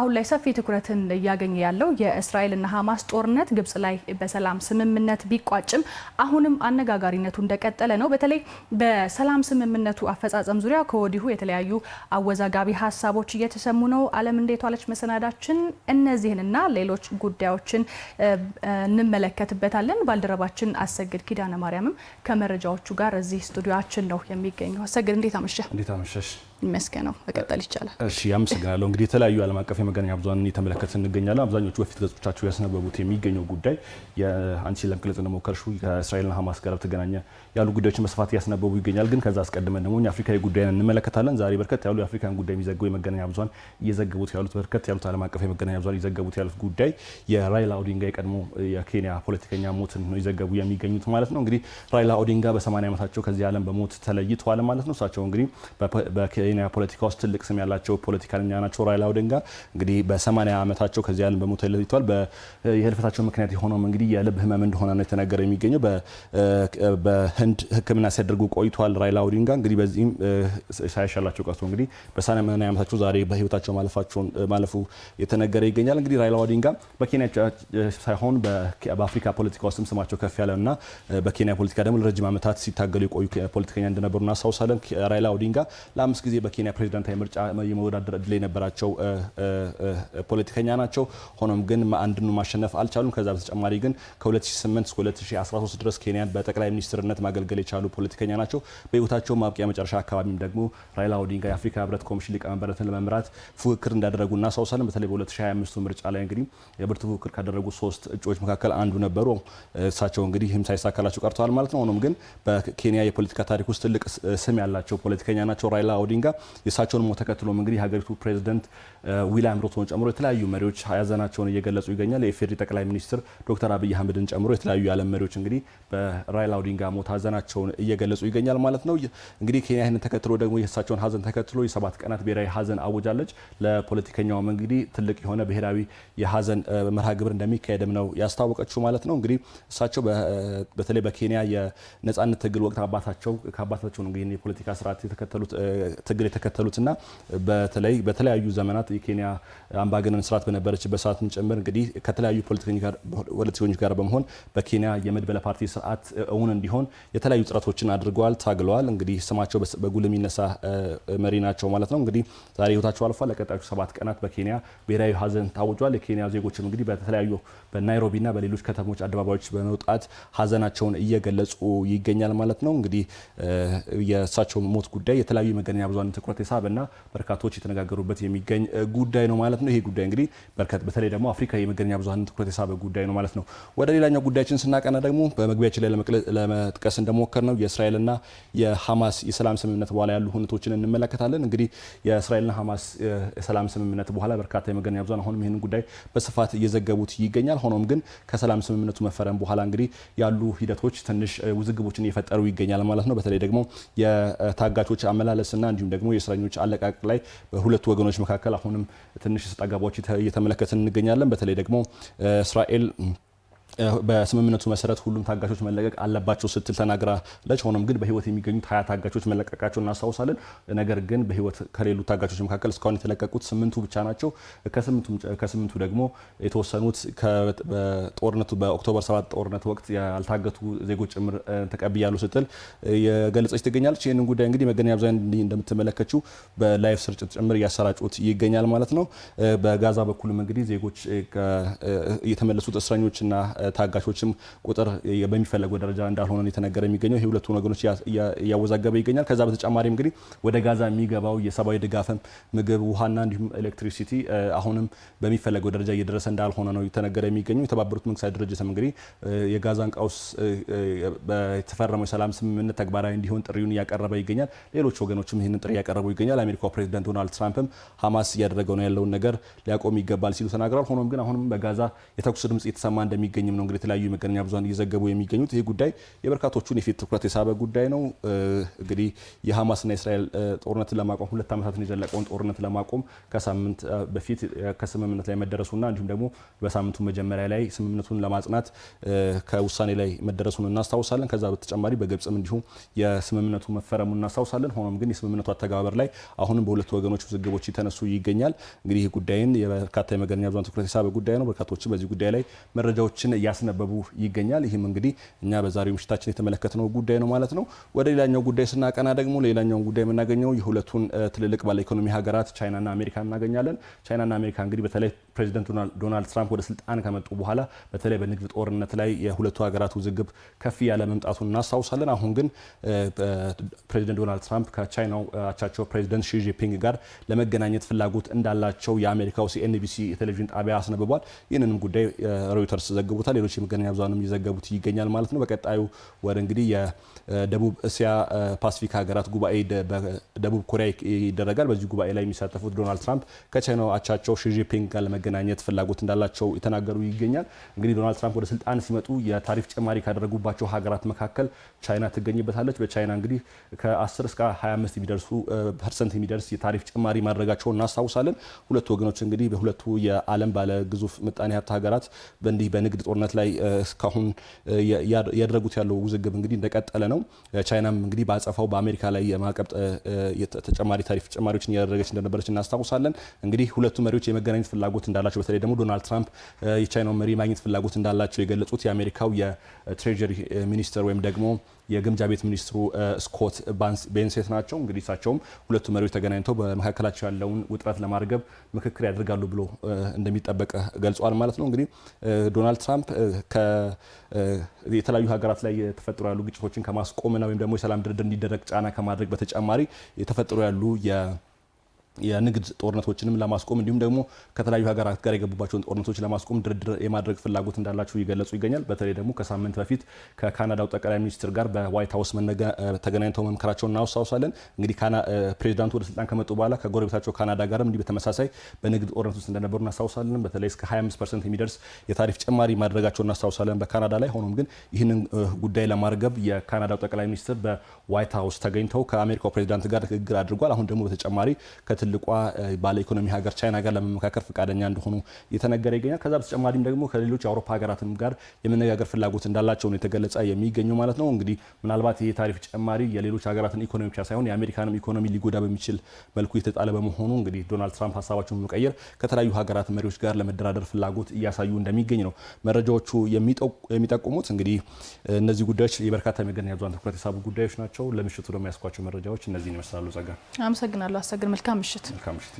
አሁን ላይ ሰፊ ትኩረትን እያገኘ ያለው የእስራኤልና ሀማስ ጦርነት ግብጽ ላይ በሰላም ስምምነት ቢቋጭም አሁንም አነጋጋሪነቱ እንደቀጠለ ነው። በተለይ በሰላም ስምምነቱ አፈጻጸም ዙሪያ ከወዲሁ የተለያዩ አወዛጋቢ ሀሳቦች እየተሰሙ ነው። ዓለም እንዴት ዋለች መሰናዳችን እነዚህንና ሌሎች ጉዳዮችን እንመለከትበታለን። ባልደረባችን አሰግድ ኪዳነ ማርያምም ከመረጃዎቹ ጋር እዚህ ስቱዲዮችን ነው የሚገኘው። አሰግድ እንዴት አመሸህ? እንዴት አመሸሽ? የሚያስገነው መቀጠል ይቻላል። እሺ አመሰግናለሁ። እንግዲህ የተለያዩ ዓለም አቀፍ የመገናኛ ብዙሃን እየተመለከት እንገኛለን። አብዛኞቹ በፊት ገጾቻቸው ያስነበቡት የሚገኘው ጉዳይ አንቺ ለመግለጽ እንደሞከርሹ ከእስራኤልና ሀማስ ጋር በተገናኘ ያሉ ጉዳዮችን በስፋት እያስነበቡ ይገኛል። ግን ከዛ አስቀድመን ደግሞ የአፍሪካዊ ጉዳይን እንመለከታለን። ዛሬ በርከት ያሉ የአፍሪካን ጉዳይ የሚዘግቡ የመገናኛ ብዙሃን እየዘገቡት ያሉት በርከት ያሉት ዓለም አቀፍ የመገናኛ ብዙሃን እየዘገቡት ያሉት ጉዳይ የራይላ ኦዲንጋ የቀድሞ የኬንያ ፖለቲከኛ ሞትን ነው ይዘገቡ የሚገኙት ማለት ነው። እንግዲህ ራይላ ኦዲንጋ በሰማንያ ዓመታቸው ከዚህ ዓለም በሞት ተለይተዋል ማለት ነው። እሳቸው እንግዲህ በኬንያ ፖለቲካ ውስጥ ትልቅ ስም ያላቸው ፖለቲከኛ ናቸው። ራይላ ኦዲንጋ እንግዲህ በሰማኒያ ዓመታቸው ከዚህ ዓለም በሞት ተለይተዋል። የህልፈታቸው ምክንያት የሆነውም እንግዲህ የልብ ህመም እንደሆነ ነው የተነገረው። የሚገኘው በህንድ ሕክምና ሲያደርጉ ቆይተዋል። ራይላ ኦዲንጋ እንግዲህ በዚህም ሳይሻላቸው ቀርቶ እንግዲህ በሰማኒያ ዓመታቸው ዛሬ በህይወታቸው ማለፋቸውን ማለፉ የተነገረ ይገኛል። እንግዲህ ራይላ ኦዲንጋ በኬንያ ሳይሆን በአፍሪካ ፖለቲካ ውስጥም ስማቸው ከፍ ያለ እና በኬንያ ፖለቲካ ደግሞ ለረጅም ዓመታት ሲታገሉ የቆዩ ፖለቲከኛ እንደነበሩ እናስታውሳለን። ራይላ ኦዲንጋ ለአምስት ጊዜ በኬንያ ፕሬዚዳንታዊ ምርጫ የመወዳደር እድል የነበራቸው ፖለቲከኛ ናቸው። ሆኖም ግን አንድኑ ማሸነፍ አልቻሉም። ከዛ በተጨማሪ ግን ከ2008 እስከ 2013 ድረስ ኬንያን በጠቅላይ ሚኒስትርነት ማገልገል የቻሉ ፖለቲከኛ ናቸው። በህይወታቸው ማብቂያ መጨረሻ አካባቢም ደግሞ ራይላ ኦዲንጋ የአፍሪካ ህብረት ኮሚሽን ሊቀመንበረትን ለመምራት ፉክክር እንዳደረጉ እናስታውሳለን። በተለይ በ2025 ምርጫ ላይ እንግዲህ የብርቱ ፉክክር ካደረጉ ሶስት እጩዎች መካከል አንዱ ነበሩ። እሳቸው እንግዲህ ህም ሳይሳካላቸው ቀርተዋል ማለት ነው። ሆኖም ግን በኬንያ የፖለቲካ ታሪክ ውስጥ ትልቅ ስም ያላቸው ፖለቲከኛ ናቸው ራይላ ኦዲንጋ የእሳቸውን ሞት ተከትሎም እንግዲህ የሀገሪቱ ፕሬዚደንት ዊልያም ሩቶን ጨምሮ የተለያዩ መሪዎች ሀዘናቸውን እየገለጹ ይገኛል። የኢፌዴሪ ጠቅላይ ሚኒስትር ዶክተር አብይ አህመድን ጨምሮ የተለያዩ የዓለም መሪዎች እንግዲህ በራይላ ኦዲንጋ ሞት ሀዘናቸውን እየገለጹ ይገኛል ማለት ነው። እንግዲህ ኬንያ ይህንን ተከትሎ ደግሞ የእሳቸውን ሀዘን ተከትሎ የሰባት ቀናት ብሔራዊ ሀዘን አውጃለች። ለፖለቲከኛውም እንግዲህ ትልቅ የሆነ ብሔራዊ የሀዘን መርሃ ግብር እንደሚካሄድም ነው ያስታወቀችው ማለት ነው። እንግዲህ እሳቸው በተለይ በኬንያ የነጻነት ትግል ወቅት አባታቸው ከአባታቸው እንግዲህ የፖለቲካ ስርዓት የተከተሉት ችግር የተከተሉትና በተለይ በተለያዩ ዘመናት የኬንያ አምባገነን ስርዓት በነበረችበት ሰዓትም ጭምር እንግዲህ ከተለያዩ ፖለቲከኞች ጋር በመሆን በኬንያ የመድበለ ፓርቲ ስርዓት እውን እንዲሆን የተለያዩ ጥረቶችን አድርገዋል፣ ታግለዋል። እንግዲህ ስማቸው በጉል የሚነሳ መሪ ናቸው ማለት ነው። እንግዲህ ዛሬ ህይወታቸው አልፏል። ለቀጣዮቹ ሰባት ቀናት በኬንያ ብሔራዊ ሀዘን ታውጇል። የኬንያ ዜጎችም እንግዲህ በተለያዩ በናይሮቢና በሌሎች ከተሞች አደባባዮች በመውጣት ሀዘናቸውን እየገለጹ ይገኛል ማለት ነው። እንግዲህ የእሳቸው ሞት ጉዳይ የተለያዩ የመገናኛ ብዙሃን በጣም ትኩረት የሳበና በርካቶች የተነጋገሩበት የሚገኝ ጉዳይ ነው ማለት ነው። ይሄ ጉዳይ እንግዲህ በርከት በተለይ ደግሞ አፍሪካ የመገናኛ ብዙኃን ትኩረት የሳበ ጉዳይ ነው ማለት ነው። ወደ ሌላኛው ጉዳያችን ስናቀና ደግሞ በመግቢያችን ላይ ለመጥቀስ እንደሞከር ነው የእስራኤልና የሐማስ የሰላም ስምምነት በኋላ ያሉ ሁነቶችን እንመለከታለን። እንግዲህ የእስራኤልና ሐማስ የሰላም ስምምነት በኋላ በርካታ የመገናኛ ብዙኃን አሁንም ይህን ጉዳይ በስፋት እየዘገቡት ይገኛል። ሆኖም ግን ከሰላም ስምምነቱ መፈረም በኋላ እንግዲህ ያሉ ሂደቶች ትንሽ ውዝግቦችን እየፈጠሩ ይገኛል ማለት ነው። በተለይ ደግሞ የታጋቾች አመላለስና እንዲሁም ደግሞ የእስረኞች አለቃቅ ላይ በሁለቱ ወገኖች መካከል አሁንም ትንሽ ስጣጋቦች እየተመለከትን እንገኛለን። በተለይ ደግሞ እስራኤል በስምምነቱ መሰረት ሁሉም ታጋቾች መለቀቅ አለባቸው ስትል ተናግራለች። ሆኖም ግን በህይወት የሚገኙት ሀያ ታጋቾች መለቀቃቸው እናስታውሳለን። ነገር ግን በህይወት ከሌሉ ታጋቾች መካከል እስካሁን የተለቀቁት ስምንቱ ብቻ ናቸው። ከስምንቱ ደግሞ የተወሰኑት በጦርነቱ በኦክቶበር 7 ጦርነት ወቅት ያልታገቱ ዜጎች ጭምር ተቀብያሉ ስትል የገለጸች ትገኛለች። ይህንን ጉዳይ እንግዲህ መገናኛ ብዙኃን እንደምትመለከችው በላይቭ ስርጭት ጭምር እያሰራጩት ይገኛል ማለት ነው። በጋዛ በኩልም እንግዲህ ዜጎች የተመለሱት እስረኞችና ታጋቾችም ቁጥር በሚፈለገው ደረጃ እንዳልሆነ የተነገረ የሚገኘው ይህ ሁለቱ ወገኖች እያወዛገበ ይገኛል። ከዛ በተጨማሪም እንግዲህ ወደ ጋዛ የሚገባው የሰብአዊ ድጋፍም ምግብ፣ ውሃና እንዲሁም ኤሌክትሪሲቲ አሁንም በሚፈለገው ደረጃ እየደረሰ እንዳልሆነ ነው የተነገረ የሚገኘው። የተባበሩት መንግስታት ድርጅትም እንግዲህ የጋዛን ቀውስ የተፈረመው የሰላም ስምምነት ተግባራዊ እንዲሆን ጥሪውን እያቀረበ ይገኛል። ሌሎች ወገኖችም ይህንን ጥሪ እያቀረቡ ይገኛል። አሜሪካው ፕሬዚደንት ዶናልድ ትራምፕም ሀማስ እያደረገው ነው ያለውን ነገር ሊያቆም ይገባል ሲሉ ተናግረዋል። ሆኖም ግን አሁንም በጋዛ የተኩስ ድምጽ እየተሰማ እንደሚገኝ እንደሚገኝም ነው እንግዲህ የተለያዩ የመገናኛ ብዙኃን እየዘገቡ የሚገኙት። ይህ ጉዳይ የበርካቶቹን የፊት ትኩረት የሳበ ጉዳይ ነው። እንግዲህ የሐማስና የእስራኤል ጦርነትን ለማቆም ሁለት ዓመታትን የዘለቀውን ጦርነት ለማቆም ከሳምንት በፊት ከስምምነት ላይ መደረሱና እንዲሁም ደግሞ በሳምንቱ መጀመሪያ ላይ ስምምነቱን ለማጽናት ከውሳኔ ላይ መደረሱን እናስታውሳለን። ከዛ በተጨማሪ በግብጽም እንዲሁም የስምምነቱ መፈረሙ እናስታውሳለን። ሆኖም ግን የስምምነቱ አተገባበር ላይ አሁንም በሁለቱ ወገኖች ውዝግቦች የተነሱ ይገኛል። እንግዲህ ይህ ጉዳይን የበርካታ የመገናኛ ብዙኃን ትኩረት የሳበ ጉዳይ ነው። በርካቶችም በዚህ ጉዳይ ላይ መረጃዎችን እያስነበቡ ይገኛል። ይህም እንግዲህ እኛ በዛሬው ምሽታችን የተመለከትነው ጉዳይ ነው ማለት ነው። ወደ ሌላኛው ጉዳይ ስናቀና ደግሞ ሌላኛውን ጉዳይ የምናገኘው የሁለቱን ትልልቅ ባለ ኢኮኖሚ ሀገራት ቻይናና አሜሪካ እናገኛለን። ቻይናና አሜሪካ እንግዲህ በተለይ ፕሬዚደንት ዶናልድ ትራምፕ ወደ ስልጣን ከመጡ በኋላ በተለይ በንግድ ጦርነት ላይ የሁለቱ ሀገራት ውዝግብ ከፍ ያለ መምጣቱን እናስታውሳለን። አሁን ግን ፕሬዚደንት ዶናልድ ትራምፕ ከቻይናው አቻቸው ፕሬዚደንት ሺጂፒንግ ጋር ለመገናኘት ፍላጎት እንዳላቸው የአሜሪካው ሲኤንቢሲ የቴሌቪዥን ጣቢያ አስነብቧል። ይህንንም ጉዳይ ሮይተርስ ዘግቦታል። ዘግበውታል። ሌሎች የመገናኛ ብዙሃንም እየዘገቡት ይገኛል ማለት ነው። በቀጣዩ ወር እንግዲህ የደቡብ እስያ ፓሲፊክ ሀገራት ጉባኤ በደቡብ ኮሪያ ይደረጋል። በዚህ ጉባኤ ላይ የሚሳተፉት ዶናልድ ትራምፕ ከቻይናው አቻቸው ሺጂፒንግ ጋር ለመገናኘት ፍላጎት እንዳላቸው የተናገሩ ይገኛል። እንግዲህ ዶናልድ ትራምፕ ወደ ስልጣን ሲመጡ የታሪፍ ጭማሪ ካደረጉባቸው ሀገራት መካከል ቻይና ትገኝበታለች። በቻይና እንግዲህ ከ10 እስከ 25 የሚደርሱ ፐርሰንት የሚደርስ የታሪፍ ጭማሪ ማድረጋቸው እናስታውሳለን። ሁለቱ ወገኖች እንግዲህ በሁለቱ የዓለም ባለ ግዙፍ ምጣኔ ሀብት ሀገራት በእንዲህ በንግድ ጦር ጦርነት ላይ እስካሁን ያደረጉት ያለው ውዝግብ እንግዲህ እንደቀጠለ ነው። ቻይናም እንግዲህ በአጸፋው በአሜሪካ ላይ የማዕቀብ ተጨማሪ ታሪፍ ጭማሪዎችን እያደረገች እንደነበረች እናስታውሳለን። እንግዲህ ሁለቱ መሪዎች የመገናኘት ፍላጎት እንዳላቸው በተለይ ደግሞ ዶናልድ ትራምፕ የቻይናውን መሪ ማግኘት ፍላጎት እንዳላቸው የገለጹት የአሜሪካው የትሬጀሪ ሚኒስተር ወይም ደግሞ የግምጃ ቤት ሚኒስትሩ ስኮት ቤንሴት ናቸው። እንግዲህ እሳቸውም ሁለቱ መሪዎች ተገናኝተው በመካከላቸው ያለውን ውጥረት ለማርገብ ምክክር ያደርጋሉ ብሎ እንደሚጠበቅ ገልጿል ማለት ነው። እንግዲህ ዶናልድ ትራምፕ የተለያዩ ሀገራት ላይ የተፈጠሩ ያሉ ግጭቶችን ከማስቆምና ወይም ደግሞ የሰላም ድርድር እንዲደረግ ጫና ከማድረግ በተጨማሪ የተፈጠሩ ያሉ የንግድ ጦርነቶችንም ለማስቆም እንዲሁም ደግሞ ከተለያዩ ሀገራት ጋር የገቡባቸውን ጦርነቶች ለማስቆም ድርድር የማድረግ ፍላጎት እንዳላቸው እየገለጹ ይገኛል። በተለይ ደግሞ ከሳምንት በፊት ከካናዳው ጠቅላይ ሚኒስትር ጋር በዋይት ሀውስ ተገናኝተው መምከራቸውን እናውሳውሳለን። እንግዲህ ፕሬዚዳንቱ ወደ ስልጣን ከመጡ በኋላ ከጎረቤታቸው ካናዳ ጋርም እንዲህ በተመሳሳይ በንግድ ጦርነት ውስጥ እንደነበሩ እናስታውሳለን። በተለይ እስከ 25 ፐርሰንት የሚደርስ የታሪፍ ጭማሪ ማድረጋቸው እናስታውሳለን በካናዳ ላይ። ሆኖም ግን ይህንን ጉዳይ ለማርገብ የካናዳው ጠቅላይ ሚኒስትር በዋይት ሀውስ ተገኝተው ከአሜሪካው ፕሬዚዳንት ጋር ንግግር አድርጓል። አሁን ደግሞ በተጨማሪ ትልቋ ባለ ኢኮኖሚ ሀገር ቻይና ጋር ለመመካከር ፈቃደኛ እንደሆኑ እየተነገረ ይገኛል። ከዛ በተጨማሪም ደግሞ ከሌሎች የአውሮፓ ሀገራትም ጋር የመነጋገር ፍላጎት እንዳላቸው ነው የተገለጸ የሚገኘው ማለት ነው። እንግዲህ ምናልባት ይህ ታሪፍ ጭማሪ የሌሎች ሀገራትን ኢኮኖሚ ብቻ ሳይሆን የአሜሪካንም ኢኮኖሚ ሊጎዳ በሚችል መልኩ የተጣለ በመሆኑ እንግዲህ ዶናልድ ትራምፕ ሀሳባቸውን በመቀየር ከተለያዩ ሀገራት መሪዎች ጋር ለመደራደር ፍላጎት እያሳዩ እንደሚገኝ ነው መረጃዎቹ የሚጠቁሙት። እንግዲህ እነዚህ ጉዳዮች የበርካታ የመገናኛ ብዙኃን ትኩረት የሳቡ ጉዳዮች ናቸው። ለምሽቱ ደግሞ ያስኳቸው መረጃዎች እነዚህን ይመስላሉ። ጸጋ፣ አመሰግናለሁ። አሰግድ መልካም ምሽት። Kamışıt. Kamışıt.